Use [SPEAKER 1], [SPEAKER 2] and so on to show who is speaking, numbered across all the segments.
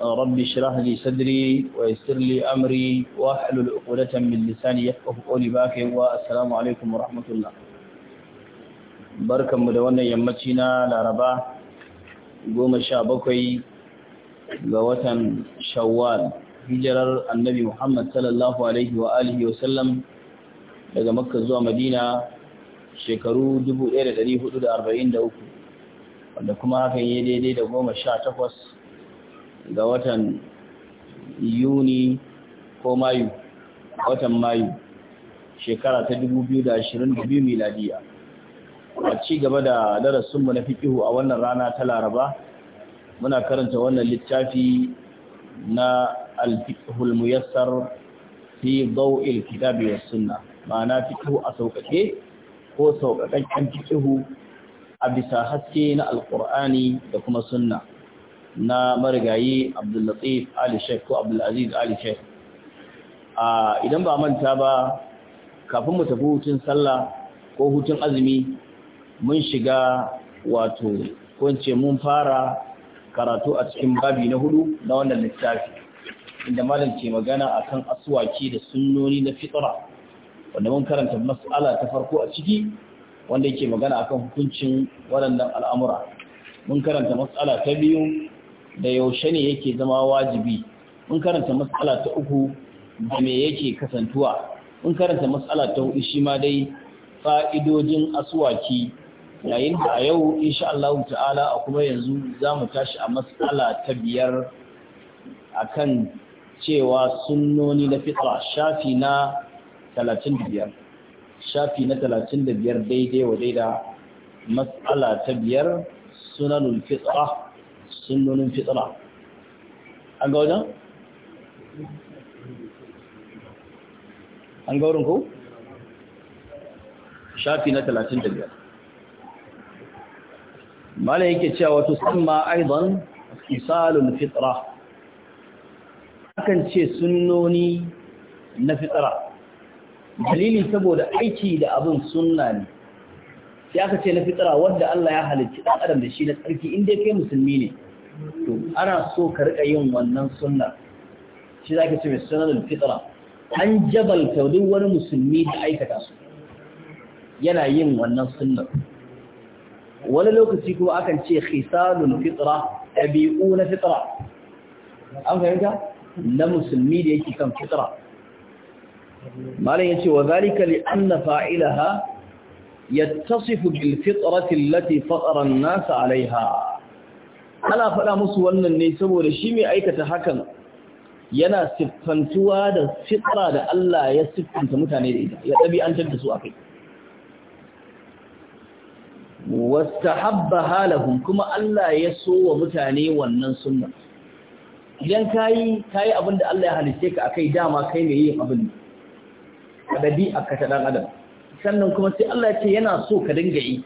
[SPEAKER 1] رب اشرح لي صدري ويسر لي امري واحلل عقدة من لساني يفقهوا قولي باكي والسلام عليكم ورحمة الله barkan da wannan yammaci na laraba goma sha bakwai ga watan shawwal hijirar annabi muhammad sallallahu alaihi wa alihi wa sallam daga makka zuwa madina shekaru 1443 wanda kuma hakan ya daidai da goma sha takwas ga watan yuni ko mayu watan mayu shekara ta 2022 miladiya a ci gaba da darasinmu na fikihu a wannan rana ta laraba muna karanta wannan littafi na alfikihul muyassar fi dau'il kitabi was sunna ma'ana fikihu a sauƙaƙe ko sauƙaƙen fikihu a bisa haske na alƙur'ani da kuma sunna na marigayi abdullatif ali sheikh ko abdullaziz ali A idan ba manta ba kafin mu tafi hutun sallah ko hutun azumi mun shiga wato ko mun fara karatu a cikin babi na hudu na wannan littafi inda malam ke magana akan aswaki da sunnoni na fitra wanda mun karanta mas'ala ta farko a ciki wanda yake magana akan hukuncin waɗannan al'amura mun karanta mas'ala ta biyu da yaushe ne yake zama wajibi mun karanta matsala ta uku da me yake kasantuwa mun karanta matsala ta hudu shi ma dai fa'idojin asuwaki, yayin da a yau insha Allah ta'ala a kuma yanzu za mu tashi a matsala ta biyar akan cewa sunnoni na fitra shafi na 35 shafi na 35 daidai wa daida matsala ta biyar sunanul fitra sunnonin fitra an ga wajen? an ga wurin ku? shafi na 35 malai yake cewa wato sunma aizon isalul fitra akan ce sunnoni na fitra dalili saboda aiki da abin sunna ne sai aka ce na fitra wanda Allah ya halicci dan adam da shi na tsarki inda ya kai musulmi ne to ana so ka rika yin wannan sunna shi zaka ce sunan al-fitra an jabalta duk wani musulmi da aikata su yana yin wannan sunna wani lokaci kuma akan ce khisalul fitra ɗabi'u na fitra an fahimta na musulmi da yake kan fitra malam yace wa zalika li anna fa'ilaha yattasifu bil fitrati allati fatara an-nas 'alayha ana faɗa musu wannan ne saboda shi mai aikata hakan yana siffantuwa da fitra da Allah ya siffanta mutane da ita ya an da su a kai habba halahun kuma Allah ya so wa mutane wannan sunna idan kayi abin abinda Allah ya halice ka kai, dama kai mai yin abin a ɗabi a ta adam sannan kuma sai Allah ya ce yana so ka dinga yi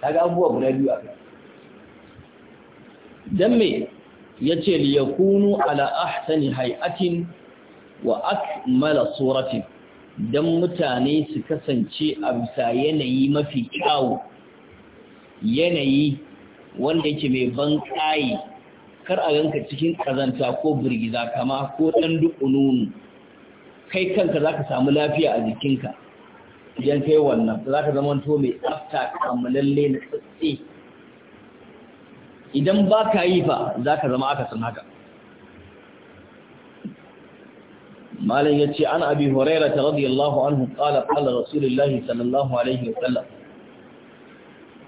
[SPEAKER 1] Ta ga abubuwa guda biyu a kai. dan me yace li yakunu ala ahsani hay'atin wa akmala suratin dan mutane su kasance a bisa yanayi mafi kyawu yanayi wanda yake mai ban kai kar a ganka cikin kazanta ko birgiza kama ko dan dukununu kai kanka zaka samu lafiya a jikinka idan kai wannan zaka zama to mai tsafta kamalalle na tsatsi idan ba ka yi fa za ka zama aka san haka malin ya ce an abi horaira ta radiyallahu anhu ƙala kala rasulullahi sallallahu alaihi wa sallam.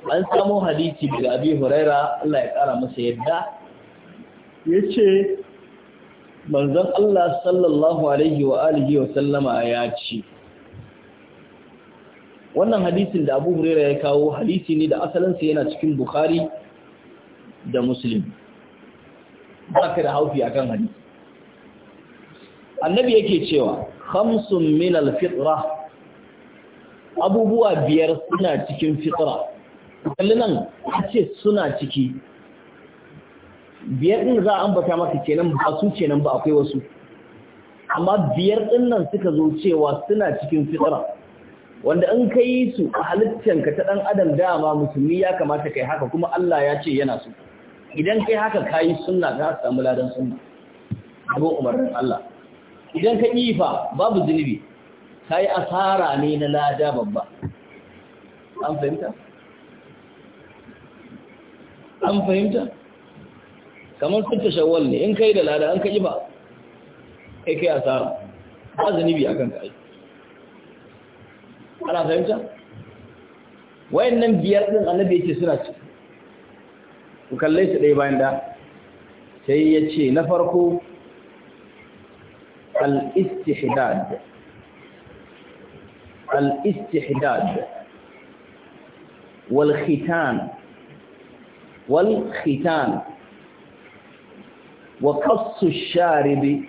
[SPEAKER 1] an samo hadisi daga abi horaira Allah ya kara masa yadda ya ce manzan Allah sallallahu alaihi wa alihi wa sallama ya ce wannan hadisin da abu hurera ya kawo hadisi ne da asalinsa yana cikin bukhari da muslim ba ka da haufi akan hadisi annabi yake cewa hamsun min alfitra abubuwa biyar suna cikin fitra nan a ce suna ciki biyar din za a ambata maka kenan ba su kenan ba akwai wasu amma biyar din nan suka zo cewa suna cikin fitra wanda in ka yi su a halittanka ta ɗan adam dama musulmi ya kamata kai haka kuma Allah ya ce yana so idan kai haka kayi sunna ka samu ladan sunna abin umarnin Allah idan ka ifa babu zunubi kayi asara ne na lada babba an fahimta an fahimta kamar fitta shawwal ne in kai da lada an ka ifa kai kai asara ba zunubi akan kai ana fahimta wayannan biyar din annabi yake suna ciki ku kalle su ɗaya bayan da sai ya ce na farko al-istihdad al-istihdad wal khitan wal khitan wa qassu ash-sharib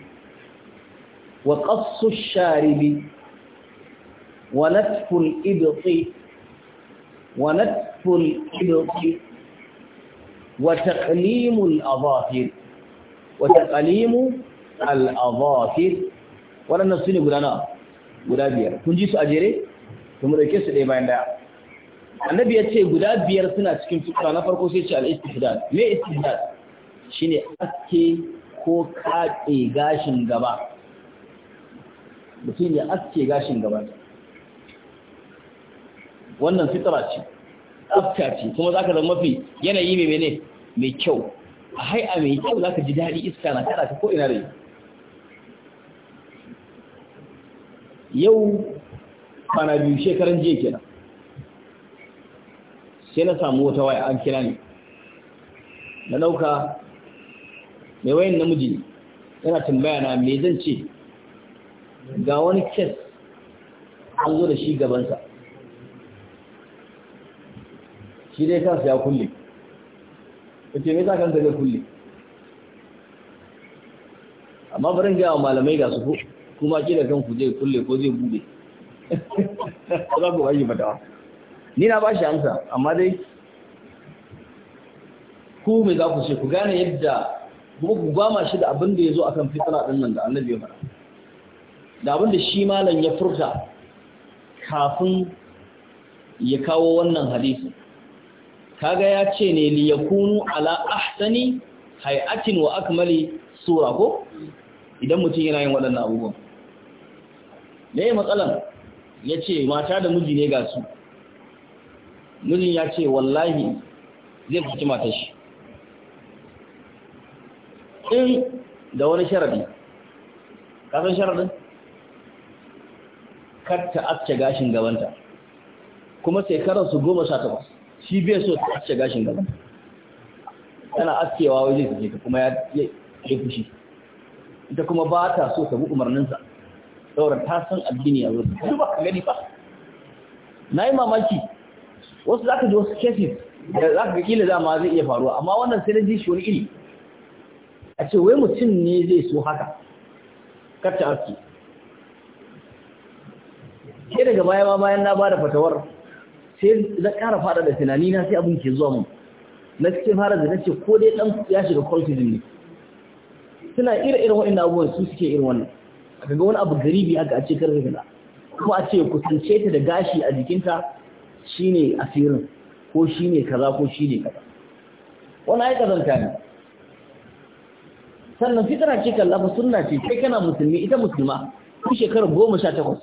[SPEAKER 1] wa qassu ash-sharib wa natfu al-ibti wa natfu al-ibti وتقليم الاظافر وتقليم الاظافر taqlimu غدانا waɗannan su guda biyar kun ji su a jere to mu dauke su bayan daya annabi ya ce guda biyar suna cikin fitra na farko sai ce al istihdad me istihdad shine aske ko kaɗe gashin gaba mutum aske gashin gaba wannan fitra ce tsafta ce kuma za ka zama mafi yanayi mai mene mai kyau a hai'a mai kyau za ka ji daɗi iska na kada ka ko ina rai yau kwana biyu shekaran jiya kenan sai na samu wata waya an kira ni na ɗauka mai wayan namiji yana tambaya na mai zan ce ga wani kes an zo da shi gabansa shi dai kansa ya kulle kace mai yasa kansa zai kulle amma gaya ga malamai ga su kuma ki da kanku zai kulle ko zai bude za ku bashi fatawa ni na bashi amsa amma dai ku me za ku ce ku gane yadda kuma ku gwama shi da abin da ya zo akan fitara ɗin nan da annabi ya fara, da abin da shi malam ya furta kafin ya kawo wannan hadisi kaga ya ce ne li yakunu ala ahsani hay'atin wa akmali sura ko idan mutum yana yin waɗannan abubuwan me matsalan ya ce mata da miji ne ga su mijin ya ce wallahi zai fuci matar shi in da wani sharadi san sharadin kar ta asce gashin gabanta kuma sai su goma sha takwas shi bai so ta aske gashin gaba tana askewa waje su je ta kuma ya yi fushi ita kuma ba ta so ta bi umarninsa saboda ta san addini a zuwa duk ba ka gani ba na yi mamaki wasu za ka ji wasu cases da za ka ga kila dama zai iya faruwa amma wannan sai na ji shi wani iri a ce wai mutum ne zai so haka kar ta aske ke daga baya ma bayan na ba da fatawar sai na ƙara fada da tunani na sai abin ke zuwa mun na cikin fara da nace ko dai dan ya shiga cultism ne suna irin irin wa'annan abubuwan su suke irin wannan a ga wani abu garibi aka a ce karfe kaza ko a ce kusance ta da gashi a jikinta shine asirin ko shine kaza ko shine kaza wani ai kazanta ne sannan fitara ce kallafa sunna ce kai kana musulmi ita musulma ku shekarar goma sha takwas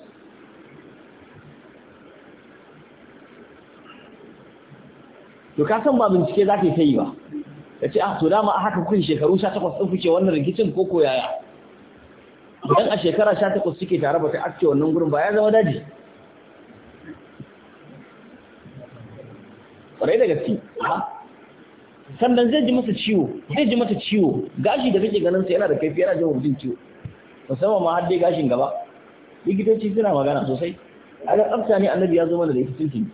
[SPEAKER 1] to ka san ba bincike za ka yi ta yi ba ka ce ah to dama a haka kun shekaru sha takwas ɗin kuke wannan rikicin ko ko yaya idan a shekara sha takwas suke tare ba ta ake wannan gurin ba ya zama daji ƙwarai da gaske sannan zai ji masa ciwo zai ji mata ciwo gashi da kake ganin sa yana da kaifi yana jin wajen ciwo musamman ma har dai gashin gaba likitoci suna magana sosai a ga tsafta ne annabi ya zo mana da ita tuntuni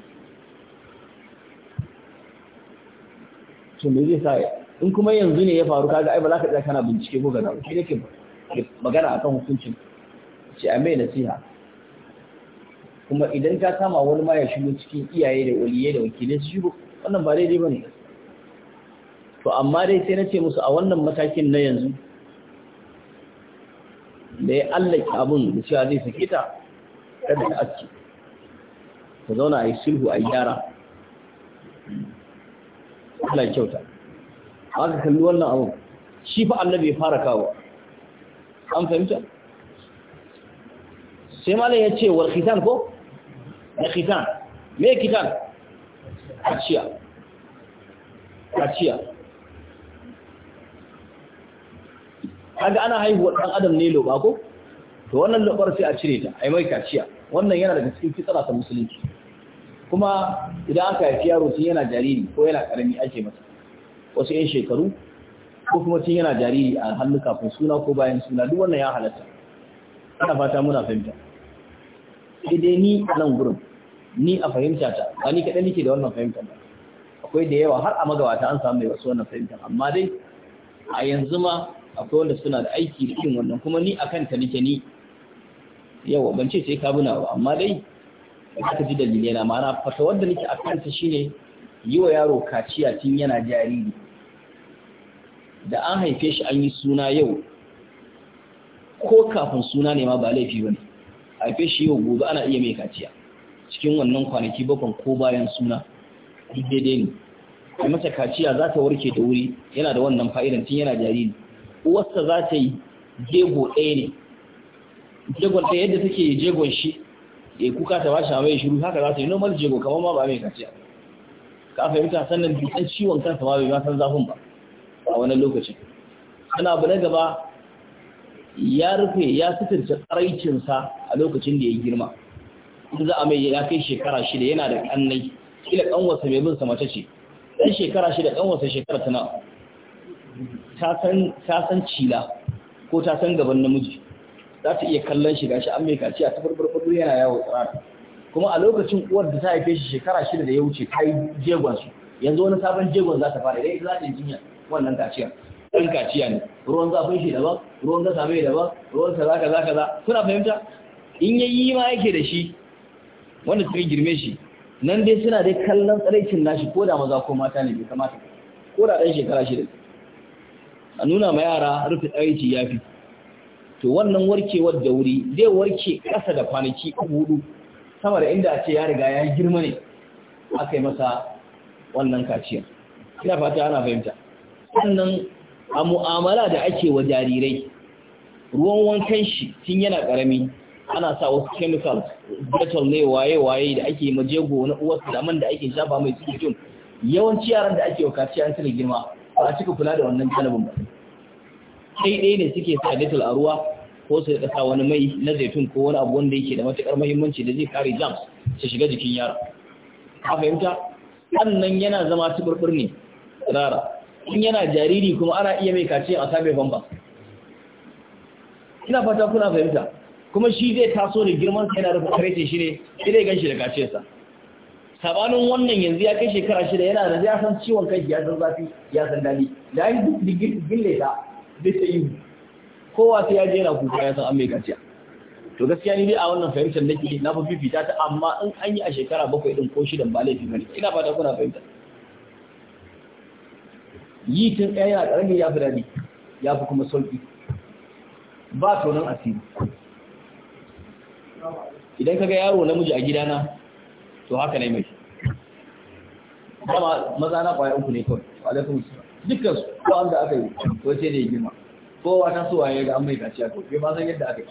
[SPEAKER 1] to me zai sa in kuma yanzu ne ya faru kaga ai ba za ka tsaya kana bincike ko gaza shi ne ke magana akan hukuncin ce a mai nasiha kuma idan ka kama wani ma ya shigo cikin iyaye da waliye da wakilai su shigo wannan ba daidai bane to amma dai sai na ce musu a wannan matakin na yanzu da ya allaki abin da cewa zai sake ta kada ka aske. ta zauna a yi sulhu a gyara Allah kyauta aka kalli wannan abu shi fa annabi ya fara kawo an fahimta sai malam ya ce wal khitan ko da khitan me khitan kaciya kaciya kaga ana haihuwar dan adam ne loba ko to wannan lobar sai a cire ta ai mai kaciya wannan yana daga cikin fitsara ta musulunci kuma idan aka haifi yaro tun yana jariri ko yana karami ake masa wasu 'yan shekaru ko kuma tun yana jariri a hannu kafin suna ko bayan suna duk wannan ya halatta ana fata muna fahimta sai dai ni a nan gurin ni a fahimta ta ba ni kaɗai nake da wannan fahimtar ba akwai da yawa har a magabata an samu mai wasu wannan fahimtar amma dai a yanzu ma akwai wanda suna da aiki da irin wannan kuma ni a kanta nike ni yawa ban ce sai ka ba amma dai aka ji dalilai na ma'ana fata wadda nake a shi shine yi wa yaro kaciya tun yana jariri da an haife shi an yi suna yau ko kafin suna ne ma ba laifi bane haife shi yau gobe ana iya mai kaciya cikin wannan kwanaki bakon ko bayan suna daidai ne a mata kaciya za ta warke da wuri yana da wannan fa'idan tun yana jariri uwarsa za ta yi jego ɗaya ne jegon ɗaya yadda take jegon shi ya kuka ta bashi amai shiru haka za ta yi normal jego kamar ma ba mai kaciya ka fahimta sannan bisan ciwon kansa ma bai ma san zafin ba a wani lokacin Kana abu na gaba ya rufe ya suturce tsaraicinsa a lokacin da ya girma in za a mai ya kai shekara shida yana da kannai kila kanwarsa mai bin sa mace ce dan shekara shida kanwarsa shekara tana ta san ta san cila ko ta san gaban namiji za ta iya kallon shi gashi an mai kaciya ta farfar yana yawo tsirara kuma a lokacin uwar da ta haife shi shekara shida da ya wuce ta yi jegon su yanzu wani sabon jegon za ta fara idan ita za ta yi jinya wannan kaciya ɗan kaciya ne ruwan zafin shi daban ruwan gasa mai daban ruwan kaza kaza kaza kuna fahimta in yayi ma yake da shi wanda suka girme shi nan dai suna dai kallon tsaraicin nashi ko da maza ko mata ne bai kamata ko da ɗan shekara shida a nuna ma yara rufe tsaraici ya fi to wannan warkewar da wuri zai warke ƙasa da kwanaki hudu sama da inda a ce ya riga ya girma ne aka yi masa wannan kaciya ina fata ana fahimta sannan a mu'amala da ake wa jarirai ruwan wankan shi tun yana ƙarami ana sa wasu chemicals dettol ne waye-waye da ake yi majego na uwarsa da man da ake shafa mai cikin yawanci yaran da ake wa kaciya an girma ba a cika kula da wannan kalabin ba sai ɗaya ne suke sa dettol a ruwa ko su sa wani mai na zaitun ko wani abu wanda yake da matukar muhimmanci da zai kare jams su shiga jikin yaro a fahimta wannan yana zama tuburbur ne rara in yana jariri kuma ana iya mai kace a sabe bamba ina fata kuna fahimta kuma shi zai taso da girman sa yana da karece shi ne zai ganshi da kace sa sabanin wannan yanzu ya kai shekara shida yana da ya san ciwon kai ya san zafi ya san dali da yi duk digille ta bisa yi kowa sai ya je yana kuka ya san an mai gaciya to gaskiya ni dai a wannan fahimtar nake na fa fifita ta amma in an yi a shekara bakwai din ko shidan ba laifi bane ina fata kuna fahimta yi tun ɗaya yana ƙarami ya fi daɗi ya fi kuma sauƙi ba tonon asiri idan kaga yaro namiji a gidana to haka na yi mai dama maza na ƙwaya uku ne kawai alaikum dukkan su ko an da aka yi to sai da ya girma kowa ta so ya ga an mai kaciya to bai ba san yadda aka yi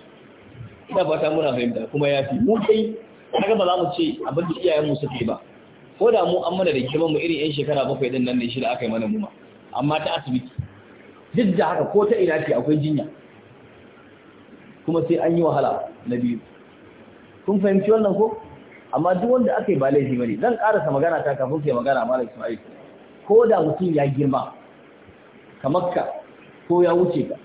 [SPEAKER 1] ina fata muna fahimta kuma ya fi mu kai kaga ba za mu ce abin da iyayen mu suke ba ko da mu an mana da kiman mu irin yan shekara bakwai din nan ne shi da aka yi mana mu amma ta asibiti duk da haka ko ta ina ce akwai jinya kuma sai an yi wahala na biyu kun fahimci wannan ko amma duk wanda aka yi ba laifi bane zan karasa magana ta kafin ke magana malam Ismail ko da mutum ya girma kamar ka ko ya wuce ka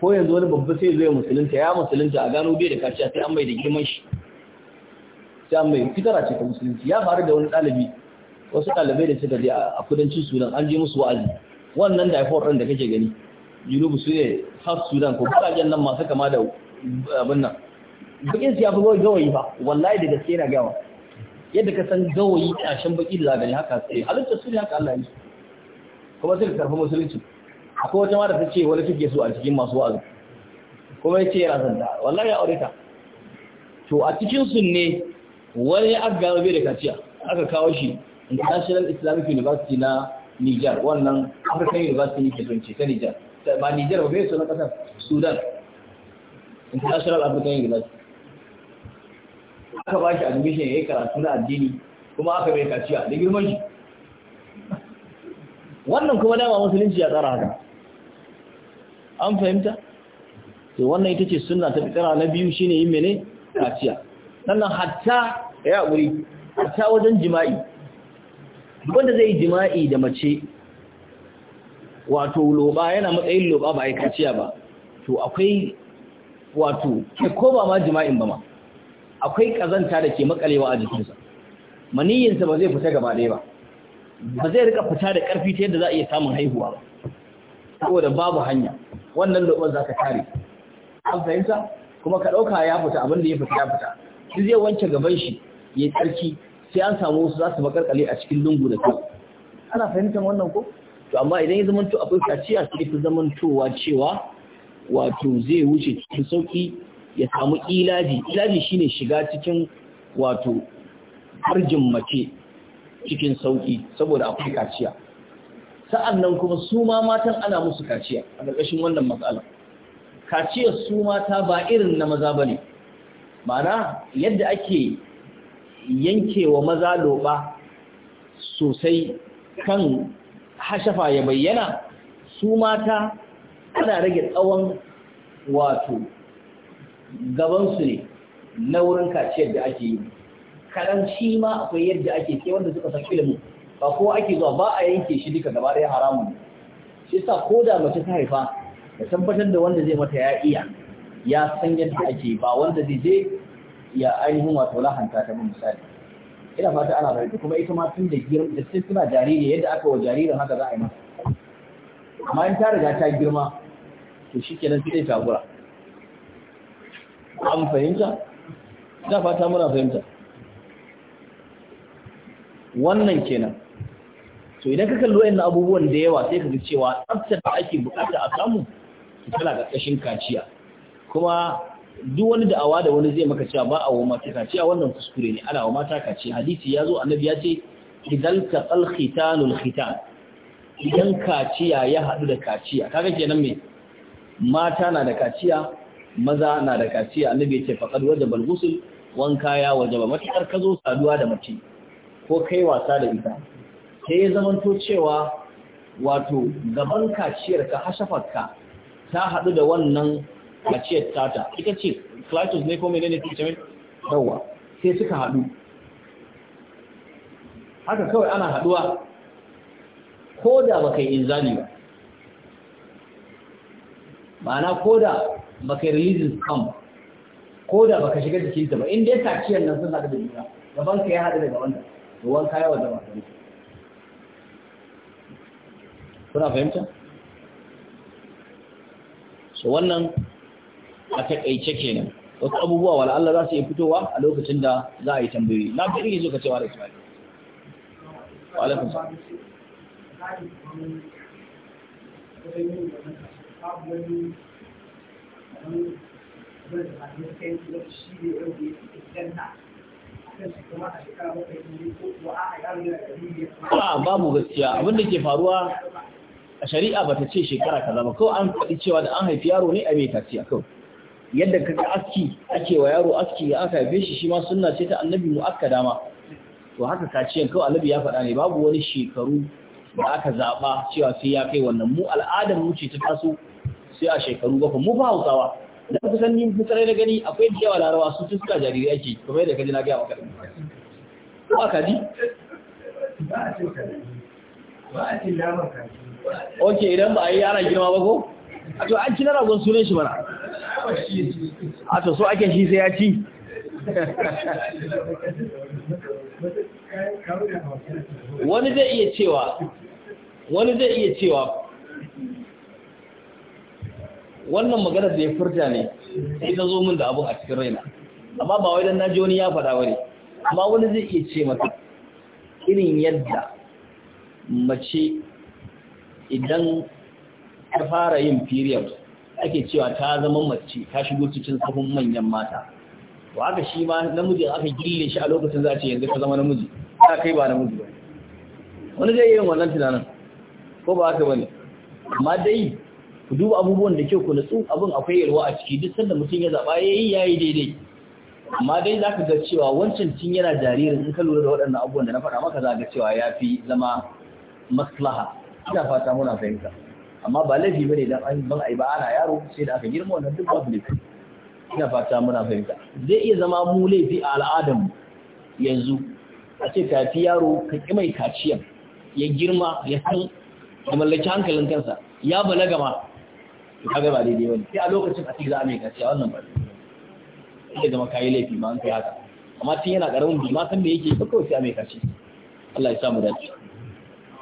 [SPEAKER 1] ko yanzu wani babba sai zai musulunta ya musulunta a gano bai da kaciya sai an mai da girman shi sai an mai fitara ce ta musulunci ya faru da wani ɗalibi wasu ɗalibai da suka je a kudancin sudan an je musu wa'azi wannan daifon ɗin da kake gani junubu su ne half sudan ko kudajen nan masu kama da abin nan bakin su ya fi gawayi ba wallahi da gaske na gawa yadda ka san gawayi shan baki da zagani haka sai halittar su ne haka allah ya yi kuma sai ka karfi musulunci akwai wata mara ta ce wani suke so a cikin masu wa'azu kuma ya ce yana son ta wallahi ya aure ta to a cikin sun ne wani ya aka gano bai da kaciya aka kawo shi international islamic university na niger wannan african university ne ke zonce ta niger ba niger ba bai sunan kasar sudan international african university aka ba shi admission ya yi karatu na addini kuma aka bai kaciya da girman shi wannan kuma dama musulunci ya tsara haka an fahimta to wannan ita ce sunna ta fitara na biyu shine yin mene kaciya sannan hatta ya guri hatta wajen jima'i wanda zai jima'i da mace wato loba yana matsayin loba ba ai kaciya ba to akwai wato ko ba ma jima'in ba ma akwai kazanta da ke makalewa a jikinsa maniyinsa ba zai fita gaba ɗaya ba ba zai rika fita da ƙarfi ta yadda za a iya samun haihuwa ba saboda babu hanya wannan lobar za ka kare an fahimta kuma ka ɗauka ya fita abin da ya fita ya fita shi zai wanke gaban shi ya tsarki sai an samu wasu za su makarkale a cikin lungu da kai ana fahimtar wannan ko to amma idan ya zamanto akwai kaciya cikin fi zamantowa cewa wato zai wuce cikin sauki ya samu ilaji ilaji shine shiga cikin wato harjin mace cikin sauki saboda akwai kaciya sa'an nan kuma su ma matan ana musu kaciya a ƙarƙashin wannan matsala kaciyar su mata ba irin na maza ba ne mana yadda ake yankewa maza loɓa sosai kan hashafa ya bayyana su mata ana rage tsawon wato gabansu ne na wurin kaciyar da ake yi kaɗan shi ma akwai yadda ake ke wanda suka sa ilimin ba ko ake zuwa ba a yanke shi duka gaba ɗaya haramun ne shi sa ko da mace ta haifa da tabbatar da wanda zai mata ya iya ya san yadda ake ba wanda zai je ya ainihin wato lahanta ta bin misali ina fata ana fahimta kuma ita ma tun da girma da sai suna jariri yadda aka wa jaririn haka za a yi masa amma in ta riga ta girma to shikenan sai ta gura an fahimta ina fata muna fahimta wannan kenan to idan ka kalli wayannan abubuwan da yawa sai ka ga cewa tsaftar da ake bukata a samu su kala ƙarƙashin kaciya kuma duk wani da'awa da wani zai maka cewa ba a mata kaciya wannan kuskure ne ana wa mata kaciya hadisi ya zo annabi ya ce idan ka tsalkhitanul khitan idan kaciya ya haɗu da kaciya kaga kenan me mata na da kaciya maza na da kaciya annabi ya ce faqad wajaba al wanka ya wajaba matakar ka zo saduwa da mace ko kai wasa da ita sai ya zamanto cewa wato gaban kaciyar ka hashafarka ta haɗu da wannan kaciyar tata ita ce clitus ne ko menene ne yawa sai suka haɗu haka kawai ana haɗuwa ko da baka yi inzali ba ma'ana ko da baka yi releasing sperm ko da baka shiga jikinta ba inda ya kaciyar nan sun haɗu da juna gaban ka ya haɗu da gaban da ruwan kayawa da masu kuna fahimta so wannan a takaice kenan wasu abubuwa wala Allah za su yi fitowa a lokacin da za a yi tambayoyi na fi rike suka cewa da Ismail wa babu gaskiya abinda ke faruwa a shari'a ba ta ce shekara kaza ba kawai an faɗi cewa da an haifi yaro ne a mai kaciya kawai yadda kaga aski ake wa yaro aski ya aka haife shi shi ma sunna ce ta annabi mu aka dama to haka kaciyan kawai annabi ya faɗa ne babu wani shekaru da aka zaɓa cewa sai ya kai wannan mu al'adar mu ce ta taso sai a shekaru bakwai mu ba hausawa da san ni fitarai na gani akwai da yawa larawa su tuska jarirai ake kuma yadda kaji na gaya maka ko ok idan ba a yi ana girma ba ko a to an ci na ragon sunan shi mana a to so ake shi sai ya ci wani zai iya cewa wani zai iya cewa wannan magana da ya furta ne sai ta zo min da abu a cikin raina amma ba wai na ji wani ya faɗa wani amma wani zai iya ce mata irin yadda mace idan ta fara yin period ake cewa ta zama mace ta shigo cikin sahun manyan mata to haka shi ma namiji aka gille shi a lokacin za a ce yanzu ka zama namiji ta kai ba namiji ba wani zai yi yin wannan tunanin ko ba haka bane amma dai ku duba abubuwan da kyau ku natsu abin akwai yarwa a ciki duk sanda mutum ya zaba yayi yayi daidai amma dai zaka ga cewa wancan tun yana jaririn in ka lura da waɗannan abubuwan da na faɗa maka za ga cewa ya fi zama maslaha ina fata muna fahimta amma ba laifi bane dan an ban ai ba ana yaro sai da aka girma wannan duk babu laifi ina fata muna fahimta zai iya zama mu laifi a al'adam yanzu a ce tafi yaro ka ƙi mai kaciyan ya girma ya san ya mallaki hankalin kansa ya balaga ma to kaga ba daidai bane sai a lokacin a ce za a mai kaciya wannan ba sai zama kayi laifi ma an kai haka amma tun yana karamin bi ma san me yake ba kawai sai a mai kaciya Allah ya samu dace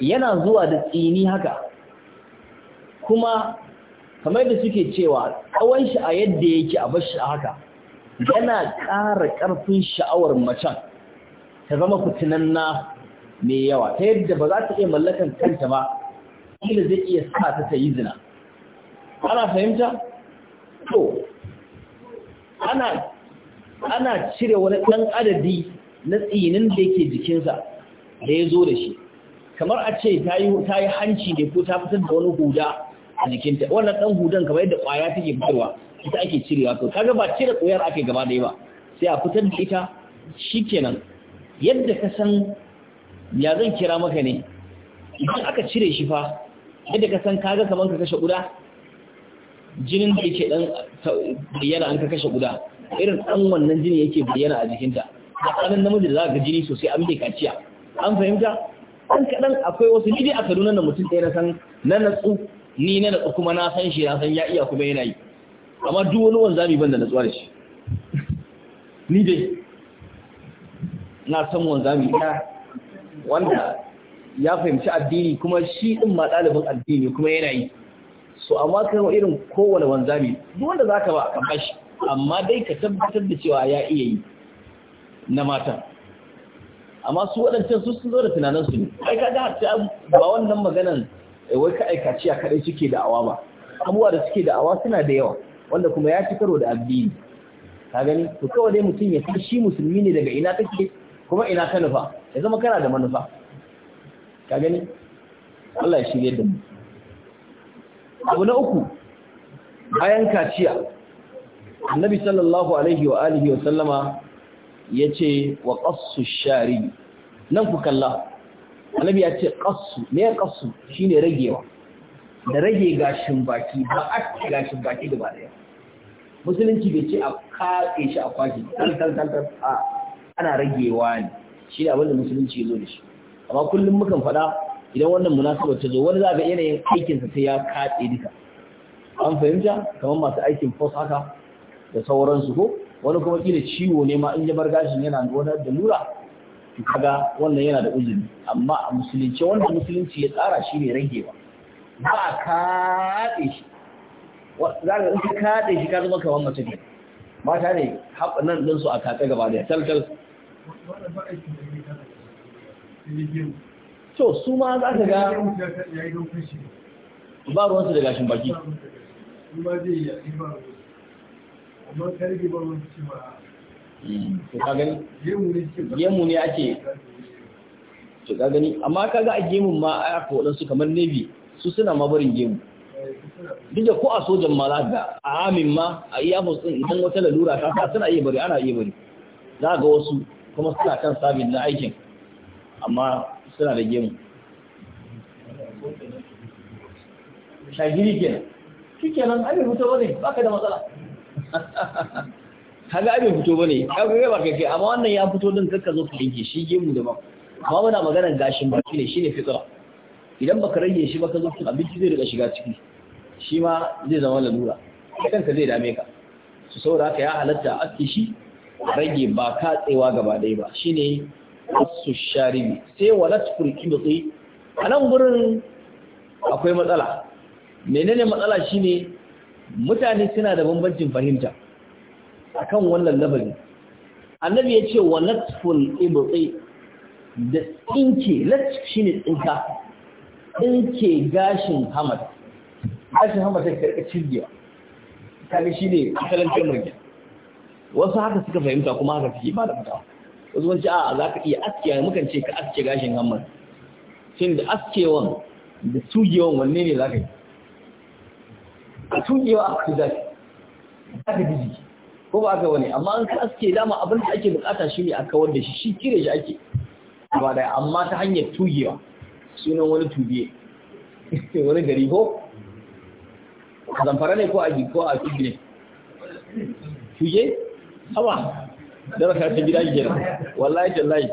[SPEAKER 1] yana zuwa da tsini haka kuma kamar da suke cewa tsawon shi a yadda yake a bashi a haka yana ƙara ƙarfin sha'awar macen ta zama fitinanna mai yawa ta yadda ba za ta iya mallakan kanta ba ila zai iya sa ta ta yi zina ana fahimta? to ana ana cire wani ɗan adadi na tsinin da yake jikinsa da ya zo da shi kamar a ce ta yi hanci ne ko ta fitar da wani huda a jikinta wannan ɗan hudan kamar yadda ƙwaya take fitarwa ita ake cirewa to kaga ba cire ƙwayar ake gaba ɗaya ba sai a fitar da ita shikenan yadda ka san ya zan kira maka ne idan aka cire shi fa yadda ka san kaga kamar ka kashe guda jinin da yake dan bayyana an ka kashe guda irin ɗan wannan jini yake bayyana a jikinta tsakanin namiji da za ka jini sosai an bai kaciya an fahimta ɗan kaɗan akwai wasu ni dai a Kaduna na mutum ɗaya na san na natsu ni na natsu kuma na san shi na san ya iya kuma yana yi amma duk wani wani zamu ban da natsuwa da shi ni dai na san wani zamu ya wanda ya fahimci addini kuma shi ɗin ma ɗalibin addini kuma yana yi so amma kai irin kowane wanzami duk wanda zaka ba a bashi amma dai ka tabbatar da cewa ya iya yi na matan amma su waɗancan su sun zo da tunanin su ne ai kaga ta ba wannan maganan eh, wai ka aikaci a kadai suke da awa ba abubuwa da suke da awa suna da yawa wanda kuma ya ci karo da addini ka gani to kawai dai mutum ya san shi musulmi ne daga ina kake kuma ina ka nufa ya zama kana da manufa ka gani Allah ya shirye da mu abu na uku bayan kaciya annabi sallallahu alaihi wa alihi wa sallama ya ce wa ƙasu shari nan ku kalla alabi ya ce ƙasu ne ƙasu shi ne ragewa da rage gashin baki ba a gashin baki gaba ɗaya musulunci bai ce a kaɗe shi a kwashi tantantantar a ana ragewa ne shi ne abinda musulunci ya zo da shi amma kullum mukan faɗa idan wannan munasabar ta zo wani za ga yanayin aikinsa sai ya kaɗe duka an fahimta kamar masu aikin fos haka da sauransu ko wani kuma kila ciwo ne ma in ya bar gashin yana da lura dalura kaga wannan yana da uzuri amma a musulunci wanda musulunci ya tsara shi ne ragewa ba a kaɗe shi za ka ɗauki kaɗe shi ka zama kamar mace ne mata ne nan su a kaɗe gaba da talcal to su ma za ka ga ba ruwansu da gashin baki amma ka ba wani cewa hmm, to ka gani gemu ne ake to ka gani amma kaga a gemun ma a aka waɗansu kamar navy su suna ma barin gemu duk da ko a sojan ma za ga a amin ma a iya motsin idan wata lalura ta sa suna iya bari ana iya bari za ga wasu kuma suna kan sabin na aikin amma suna da gemu shagiri kenan shi kenan abin hutu ne baka da matsala kaga ai bai fito bane kaga kai ba kai kai amma wannan ya fito din kakka zo ka yanke shi gemu da ba amma muna magana gashin ba ne shine fitra idan baka rage shi baka zo kin abinci zai riga shiga ciki shi ma zai zama lalura ka zai dame ka su saboda haka ya halatta aski shi rage ba katsewa gaba ɗaya ba shine su sharibi sai walat furki mutsi a nan gurin akwai matsala menene matsala shine mutane suna da bambancin fahimta akan wannan labari annabi ya ce wa latful ibti da tsinke shi ne tsinka tsinke gashin hamad gashin hamad sai karka cirgewa shi ne kasalancin kalmar wasu haka suka fahimta kuma haka fiye ba da fata wasu wani a za ka iya askiya mukan ce ka aske gashin hamad shin da askewan da sugewan wanne ne za ka yi a tuƙewa a kai da za ka ko ba aka wani amma an ka aske dama abin da ake bukata shi ne a kawar da shi shi kire shi ake ba da amma ta hanyar tugewa sunan wani tuge wani gari ko a zamfara ne ko a ko a tuge tuge hawa da ka ta gida gida wallahi tallahi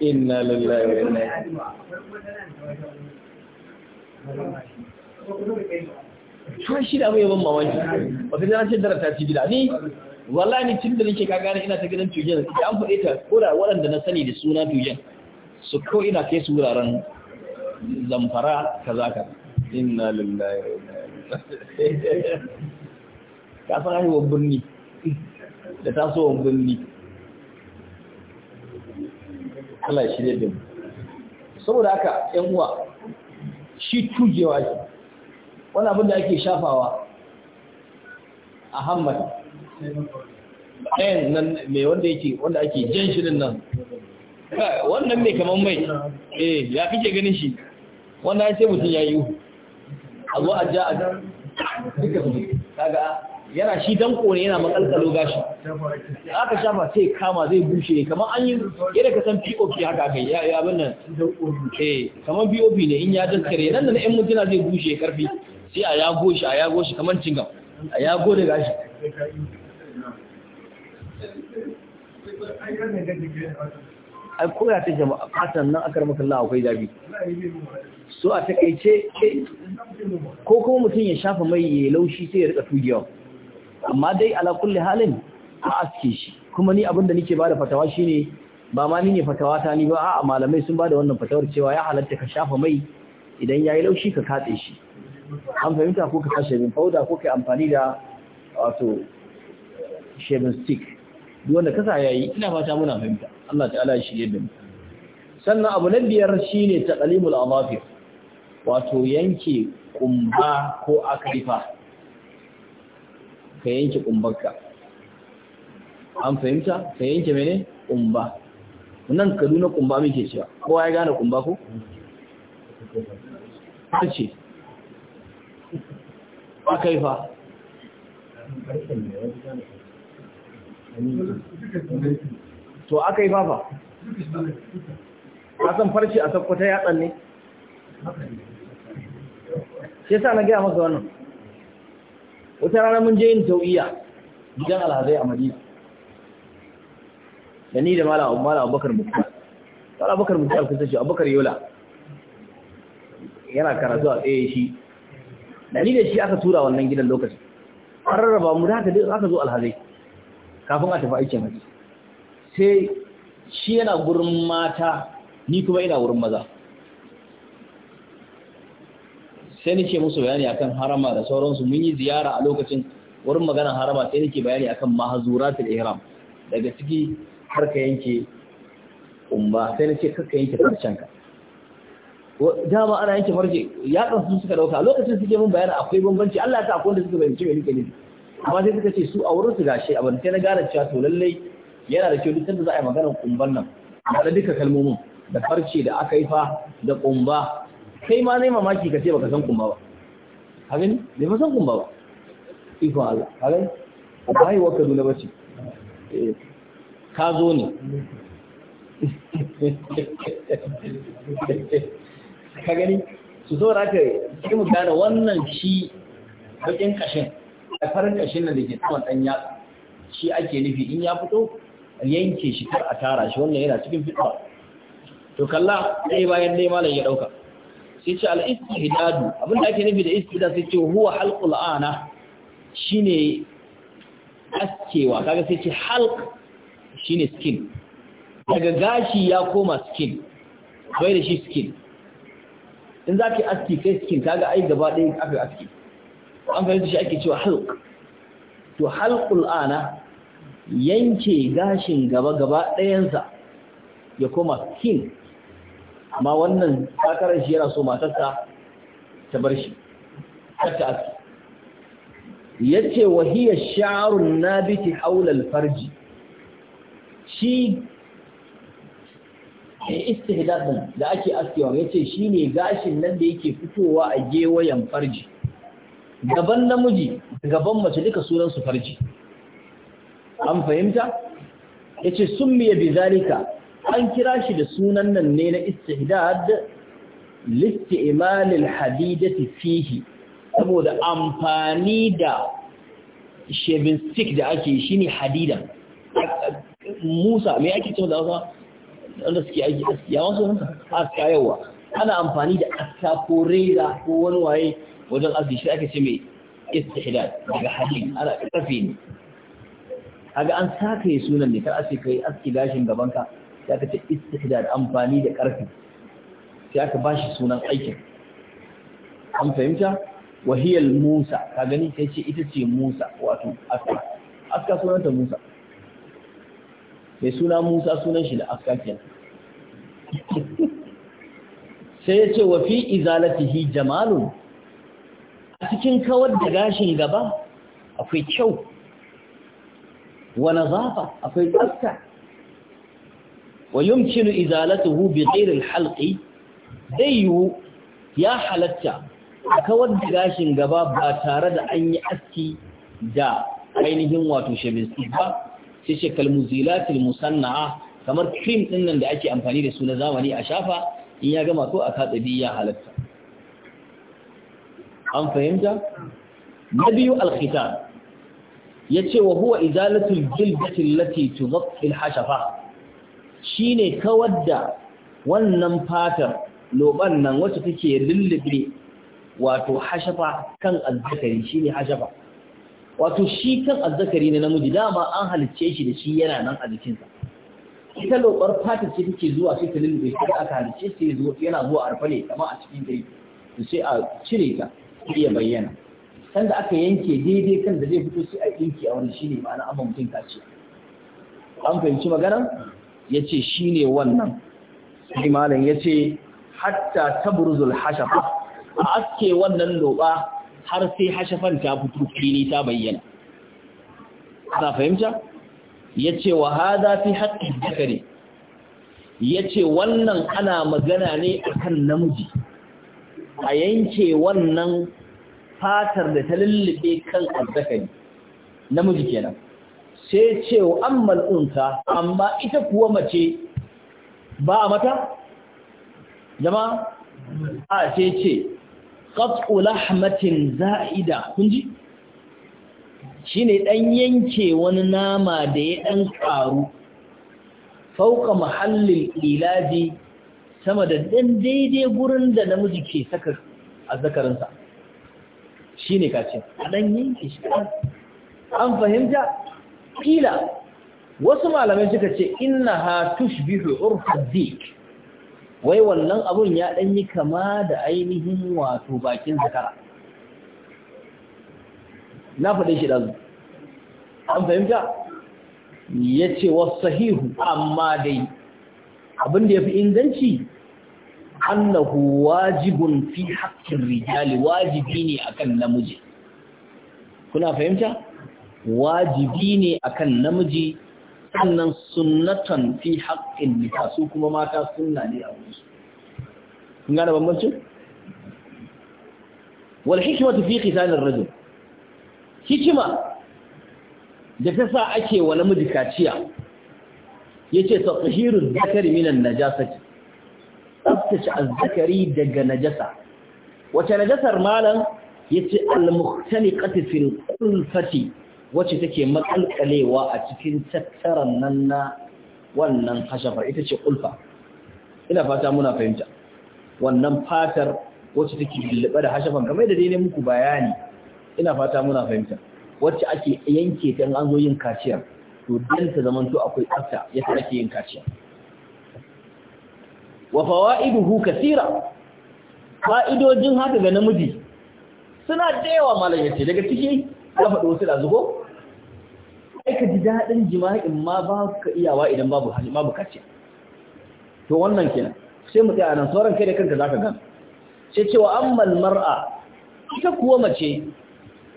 [SPEAKER 1] inna lillahi wa inna ilaihi Tuwa shi da abu ban mamaki wata zana ce darata ci gida ni wallahi ni tun da nake ka gane ina ta gidan tujen da an faɗe ta kura waɗanda na sani da suna tujen su ko ina kai su wuraren zamfara ka inna lillahi wa inna ilaihi ka san wa birni da ta so tasowar birni Allah shi ne din saboda haka ƴan uwa shi tujewa ce wani abin da ake shafawa a hammata ɗayan nan mai wanda yake wanda ake jan shirin nan wannan mai kamar mai eh ya kake ganin shi wanda ya ce mutum ya yi a zo a ja a duka su kaga yana shi danko ne yana makalkalo gashi aka shafa sai kama zai bushe kamar an yi yadda ka san pop haka kai ya ya nan eh kamar pop ne in ya daskare nan nan na yan mutuna zai bushe karfi sai a ya goshi, a ya goshi kamar cingam a ya gode gashi ai koya ta jama'a fatan nan akar maka Allah akwai dabi so a takaice ko kuma mutum ya shafa mai ya laushi sai ya rika tugiyawa amma dai ala kulli halin a aske shi kuma ni abin da nake bada fatawa shine ba ma ni ne fatawa ta ni ba a'a malamai sun bada wannan fatawar cewa ya halatta ka shafa mai idan yayi laushi ka katse shi an fahimta ko ka kashe bin fauda ko kai amfani da wato shaving stick duk wanda kasa yayi ina fata muna fahimta Allah ta'ala ya shirye da mu sannan abu na biyar shine taqlimul adafir wato yanke kumba ko akrifa ka yanke ƙumbarka, an fahimta ka yanke mene ƙumba. nan kaduna ƙumba muke cewa kowa ya gane ƙumba ko ce kai fa, to aka yi fafa a san farce a sakkwata yatsan ne shi sa na gaya masa wannan wata rana mun je yin ta'uyiya, gidan alhazai a madina da ni da mala abubakar muktar mala abubakar muktar kusa shi abubakar yola yana karatu a tsaye shi da ni da shi aka tura wannan gidan lokaci. an rarraba mu da haka aka zo alhazai kafin a tafi aikin haji sai shi yana gurin mata ni kuma ina wurin maza sai nake musu bayani akan harama da sauransu mun yi ziyara a lokacin wurin magana harama sai nake bayani akan mahazuratul ihram daga ciki har ka yanke umba sai nace kar ka yanke farcenka dama ana yanke farce ya su suka dauka lokacin suke mun bayani akwai bambanci Allah ya sa akwai wanda suka bayyana mai nufi amma sai suka ce su a wurin su gashi abin sai na gane cewa to lalle yana da kyau duk sanda za a yi maganar kumban nan da duka kalmomin da farce da aka yi fa da kumba kai ma ne mamaki ka ce baka san kumba ba a gani fa san kumba ba ikon Allah a gani ba yi waka dole bace eh, ka zo ne ka gani su zo raka sai mu gane wannan shi bakin kashin a farin kashin nan da ke tsawon dan ya shi ake nufi in ya fito yanke shi kar a tara shi wannan yana cikin fitowa to kalla sai bayan dai malam ya dauka sai ce al-istihdadu abin da ake nufi da istihdad sai ce huwa halqul ana shine askewa kaga sai ce halq shine skin daga gashi ya koma skin bai da shi skin in zaki aski kai skin kaga ai gaba ɗaya aka aski an fahimta shi ake cewa halq to halqul ana yanke gashin gaba gaba ɗayansa ya koma skin amma wannan takarar shi yana so matarsa ta bar shi ta aski yace wahiya sha'run nabiti haula alfarji shi istihdat din da ake askewa yace shine gashin nan da yake fitowa a gewayen farji gaban namiji gaban mace duka sunan su farji an fahimta yace summiya bizalika an kira shi da sunan nan ne na istihdad listi'malil hadidati fihi saboda amfani da shaving stick da ake shine hadida Musa me ake cewa da wasa wanda suke aiki askiya wasu aska yawa ana amfani da aska ko reza ko wani waye wajen aski shi ake ce mai istihdad daga hadid ana kafe ne kaga an saka sunan ne kar a ce kai aski gashin gaban ka sai aka ce istihdad amfani da ƙarfi sai aka bashi sunan aikin an fahimta wahiyal musa ka gani sai ce ita ce musa wato aska aska sunanta musa mai suna musa sunan shi da aska kenan sai ya ce wa fi izalatihi jamalun a cikin kawar da gashin gaba akwai kyau wa nazafa akwai tsafta wa yumkinu Izalatu bi ghairi halƙi? halqi dayu ya halatta kawar da gashin gaba ba tare da an yi aski da ainihin wato shabisti ba sai ce kalmuzilatil musanna'a kamar cream din nan da ake amfani da su na zamani a shafa in ya gama ko a katsabi ya halatta an fahimta na biyu alkhitan yace wa Izalatu izalatul jilbati allati tudhaqqa al-hashafa Shi ne kawar da wannan fatar loban nan wacce take lullube wato hashafa kan azzakari ne hashafa wato shi kan azzakari ne namiji dama an halicce shi da shi yana nan a jikinsa ita lobar fatar ce take zuwa sai ta lullube shi da aka halicce shi yana zuwa arfale kama a cikin gari to sai a cire ta iya bayyana kan da aka yanke daidai kan da zai fito sai a yanke a wani shi ne ma'ana amma mutum kaciya an fahimci magana ya ce shi ne wannan imanin ya ce hatta tabruzul hashafa a aske wannan loba har sai hashafan ta fito fili ta bayyana ana fahimta ya ce wa haza fi haƙƙin zakari ya ce wannan ana magana ne a kan namiji a yanke wannan fatar da ta lullube kan azzakari namiji kenan sai ce wa ammal unsa amma ita kuwa mace ba a mata jama a sai ce qat'u lahmatin za'ida kun ji ne ɗan yanke wani nama da ya ɗan ƙaru, fauka mahallin ilaji sama da ɗan daidai gurin da namiji ke saka a Shi ne kace a ɗan yanke shi an fahimta kila wasu malamai suka ce inna ha tushbihu urfar wai wannan abun ya yi kama da ainihin wato bakin zakara na faɗe shi ɗazu an fahimta ya ce sahihu amma dai abin da ya fi inganci annahu wajibun fi haƙƙin rijali wajibi ne akan namiji kuna fahimta wajibi ne akan namiji sannan sunnatan fi haƙƙin nisa su kuma mata sunna ne a wurinsu kun gane bambancin wal hikmatu fi qitalin rajul hikima da ta sa ake wa namiji kaciya yace tathehiru dhakari minan najasati tsaftace azzakari daga najasa wace najasar malam yace al-mukhtaliqati fil qulfati wacce take makalkalewa a cikin tattaran nan na wannan hashafar ita ce kulfa ina fata muna fahimta wannan fatar wacce take lullube da hashafan kamar da dai muku bayani ina fata muna fahimta wacce ake yanke ta an zo yin kaciya to dan ta zamanto akwai tsafta yadda ake yin kaciya wa fawaiduhu kaseera fa'idojin haka ga namiji suna da yawa malam yace daga ciki ya faɗo su da zuko ai ka ji daɗin jima'in ma ba ka iyawa idan babu hali babu kace to wannan kenan sai mu tsaya nan sauran kai da kanka zaka gane sai cewa ammal mar'a ita kuwa mace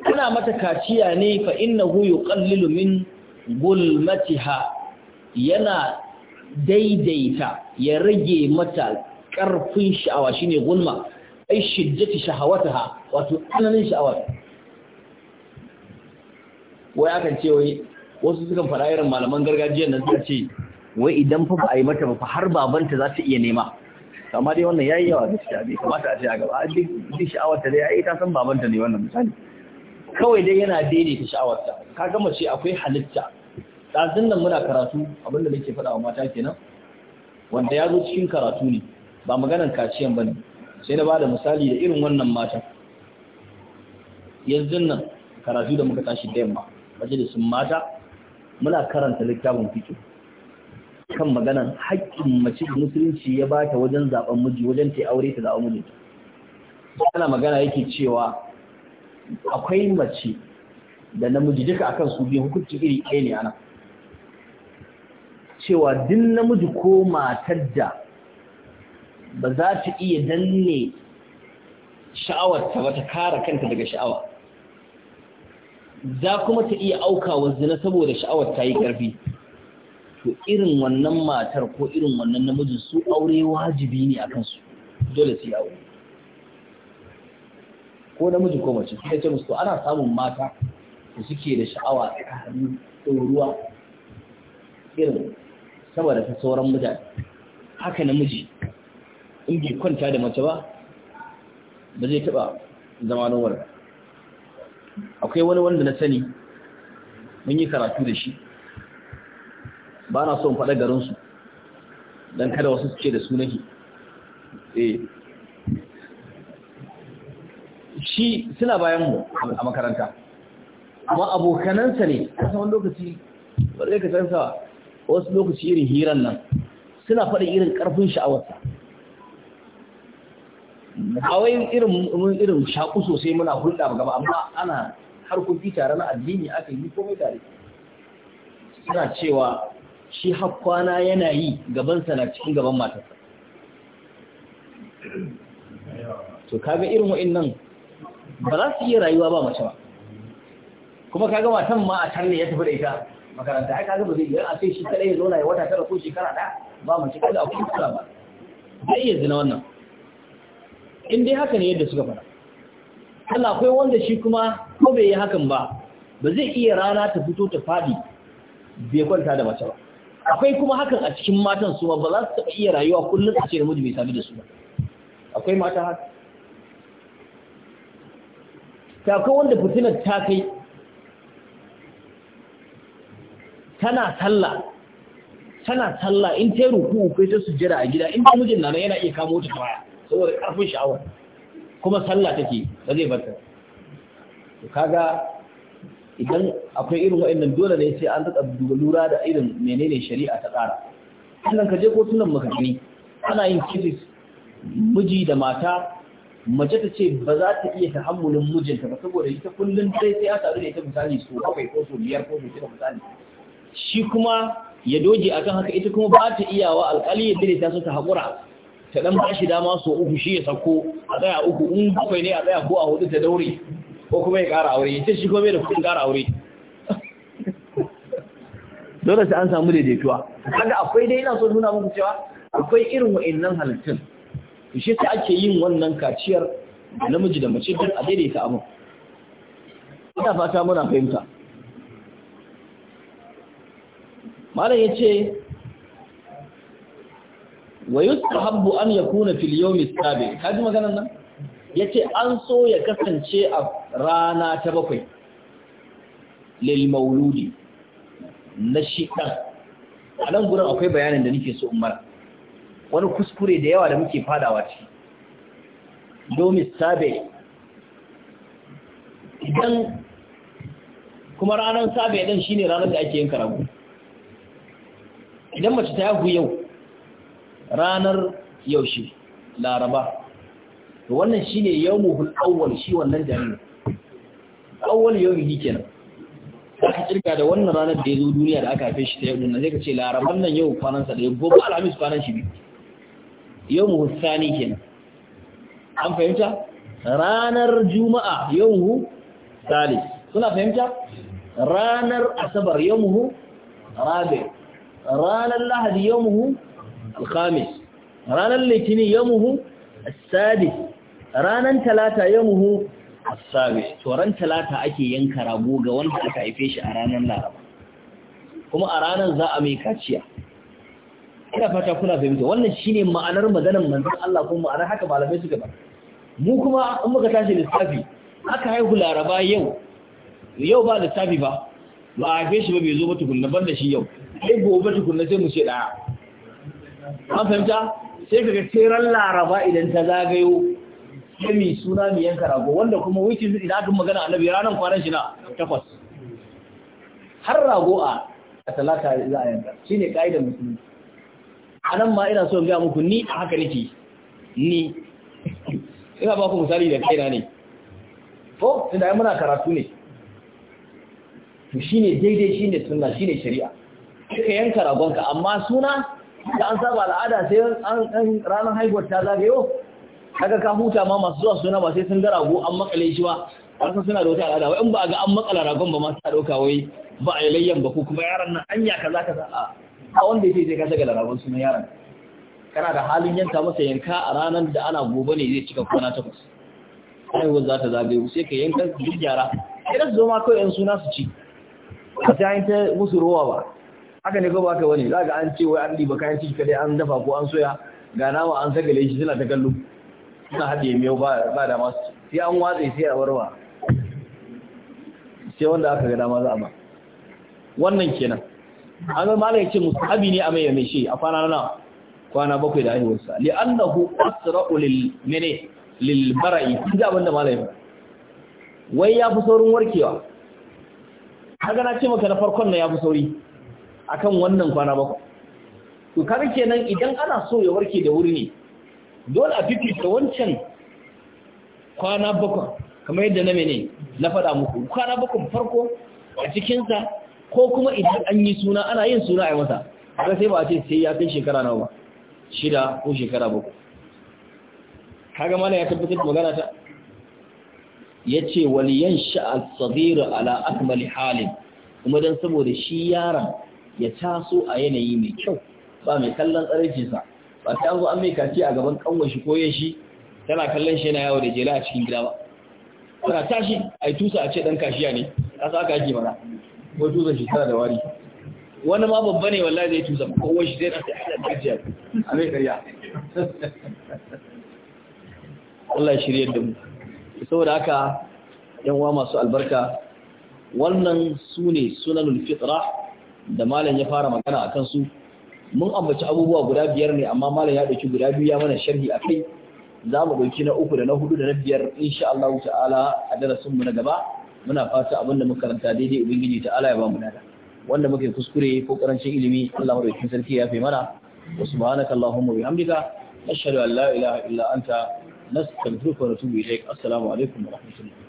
[SPEAKER 1] ana mata kaciya ne fa innahu yuqallilu min gulmatiha yana daidaita ya rage mata ƙarfin sha'awa shine gulma ai shiddati shahawataha wato tsananin sha'awa wai akan ce wai wasu suka fara irin malaman gargajiyar nan suka ce wai idan fa ba a yi mata ba har babanta za ta iya nema amma dai wannan yayi yawa gaskiya bai kamata a ce a gaba a duk sha'awar ta dai ai ta san babanta ne wannan misali kawai dai yana daidaita sha'awar ta ka gama ce akwai halitta ɗazun nan muna karatu abinda nake faɗa wa mata kenan wanda ya zo cikin karatu ne ba maganar kaciyan ba ne sai na ba da misali da irin wannan matan yanzu nan karatu da muka tashi da yamma majalisun mata muna karanta littafin fiqh kan magana. haƙƙin mace da musulunci ya ba ta wajen zaben miji wajen ta aure ta zaɓen miji ana magana yake cewa akwai mace da namiji duka akan su biyu hukunci iri ɗaya ne ana cewa duk namiji ko matar da ba za ta iya danne sha'awarta ba ta kare kanta daga sha'awa za kuma ta iya aukawa zina saboda sha'awar ta yi ƙarfi to irin wannan matar ko irin wannan namijin su aure wajibi ne akan su dole su aure ko namiji ko mace sai ce musu ana samun mata da suke da sha'awa tsakanin ruwa irin saboda ta sauran mutane haka namiji in bai kwanta da mace ba ba zai taɓa zama ba akwai wani wanda na sani mun yi karatu da shi ba na son faɗa garinsu don kada wasu suke da su eh. shi suna bayan mu a makaranta amma abokanansa ne kasa wani lokaci wadda ka sansa wasu lokaci irin hiran nan suna faɗin irin ƙarfin sha'awarsa a wai irin mun irin shaku sosai muna hulɗa gaba amma ana harkoki tare na addini aka yi komai tare suna cewa shi hakkwana yana yi gabansa na cikin gaban matasa. to kaga irin wa'annan ba za su iya rayuwa ba mace ba kuma kaga matan ma a can ne ya tafi da ita makaranta ai kaga ba zai yi a sai shi kadai ya zo na ya wata tara ko shekara ɗaya ba mace kada a kuma ba zai iya zina wannan in dai haka ne yadda suka fara Allah akwai wanda shi kuma ko bai yi hakan ba ba zai iya rana ta fito ta fadi bai kwanta da mace ba akwai kuma hakan a cikin matan su ba za su taɓa iya rayuwa kullum a ce namiji bai sami da su ba akwai mata haka ta akwai wanda fitinar ta kai tana sallah tana sallah in ta yi ruku kai ta sujjada a gida in ta mijin na yana iya kamo ta baya saboda ƙarfin sha'awa kuma sallah take ba zai bata to kaga idan akwai irin wa'annan dole ne sai an duba lura da irin menene shari'a ta tsara sannan ka je kotunan makarni ana yin kiris miji da mata mace ta ce ba za ta iya tahammulin mijinta ba saboda ita kullum sai sai a taru da ita misali su bakwai ko su biyar ko su shida misali shi kuma ya doge akan haka ita kuma ba ta iyawa alƙali ya dire ta so ta haƙura ta dan bashi dama so uku shi ya sako a tsaya uku in bakwai ne a tsaya ko a hudu ta daure ko kuma ya ƙara aure ya ce shi kome da kudin ƙara aure dole sai an samu daidaituwa kaga akwai dai ina so nuna muku cewa akwai irin wa'annan halittun shi sai ake yin wannan kaciyar namiji da mace duk a daidaita abin ina fata muna fahimta malam ya ce wa yustahabbu an yakuna fil yawmi sabiq kaji maganar nan yace an so ya kasance a rana ta bakwai lil mauludi na shidan a nan gurin akwai bayanin da nake so umar wani kuskure da yawa da muke fadawa ciki domin sabe idan kuma ranar sabe ɗin shine ranar da ake yin karamu idan mace ta yahu yau ranar yaushe laraba to wannan shine yawmuhul awwal shi wannan jami'i awwal yawmihi kenan aka kirga da wannan ranar da ya zo duniya da aka haife shi ta yau nan zai ka ce laraban nan yau kwanan sa da gobe alhamis kwanan shi biyu yau mu kenan an fahimta ranar juma'a yau mu salis suna fahimta ranar asabar yau mu ranar lahadi yau alkhamis ranar litini ya muhu asadi ranar talata ya muhu asabi ran talata ake yanka rago ga wanda aka haife shi a ranar laraba kuma a ranar za a mai kaciya ina fata kuna fahimta wannan shine ma'anar maganar manzon Allah kuma ma'anar haka malamai suka ba mu kuma in muka tashi lissafi aka haihu laraba yau yau ba lissafi ba ba a haife shi ba bai zo ba tukunna ban da shi yau sai gobe tukunna sai mu ce ɗaya an fahimta sai kaga tseren laraba idan ta zagayo sai mai suna mai yanka rago wanda kuma wikin idan aka magana annabi ranar kwanan shi na takwas har rago a talata za a yanka shi ne ka'idar musulmi a nan ma ina so gaya muku ni a haka nake ni ina ba ku misali da kaina ne ko tunda muna karatu ne to shine daidai shine shi shine shari'a ka yanka ragonka amma suna da an saba al'ada sai an ranar haihuwar ta zagayo haka ka huta ma masu zuwa suna ba sai sun ga rago an makale shi ba sun suna da wata al'ada wai in ba a ga an makala ragon ba ma a dauka wai ba a yi layyan ba ko kuma yaron nan anya kaza kaza a a wanda yake je ka shagala ragon sunan yaron kana da halin yanka masa yanka a ranar da ana gobe ne zai cika kwana takwas haihuwar za ta zagayo sai ka yanka su gyara sai da su zo ma kawai yan suna su ci ba sai an ta musu rowa ba haka ne ko ba ka wani za ga an ce wai an ɗiba kayan ciki kadai an dafa ko an soya ga nama an saka shi suna ta kallo
[SPEAKER 2] suna haɗe miyau
[SPEAKER 1] ba da masu sai an watsa sai a warwa sai wanda aka ga dama za a ba wannan kenan an ga malai ce musu musahabi ne a mai mai shi a kwana na kwana bakwai da haihuwarsa na asra'u lil mene lil bara'i kun ji abin da malai wai ya fi saurin warkewa kaga na ce maka na farkon na ya fi sauri akan wannan kwana bakwai to karke kenan idan ana so ya warke da wuri ne dole a fifita wancan kwana bakwai kamar yadda na mene na faɗa muku kwana bakwai farko a cikinsa ko kuma idan an yi suna ana yin suna a yi masa haka sai ba a ce sai ya kai shekara nawa shida ko shekara bakwai kaga mana ya tabbatar magana ta yace waliyan sha'al saghira ala akmali halin kuma dan saboda shi yaran ya taso a yanayi mai kyau ba mai kallon tsarkinsa ba ta zo an mai kaci a gaban kanwar shi ko yashi tana kallon shi yana yawo da jela a cikin gida ba tana tashi a yi tusa a ce dan kashiya ne sa aka yake mana ko tusa shi tana da wari wani ma babba ne wallahi zai tusa ko shi zai na sai hada kashiya a mai karya Allah ya shirye da mu saboda haka yan uwa masu albarka wannan sune sunanul fitra da malam ya fara magana a su mun ambaci abubuwa guda biyar ne amma malam ya dauki guda biyu ya mana sharhi akai za mu ɗauki na uku da na hudu da na biyar insha Allah ta'ala a darasin mu na gaba muna fata abinda muka karanta daidai ubangiji ta'ala ya ba mu nada wanda muke kuskure ko karancin ilimi Allah madaukakin sarki ya fi mana wa subhanaka allahumma bihamdika ashhadu an la ilaha illa anta nastaghfiruka wa natubu ilaik assalamu alaikum wa rahmatullahi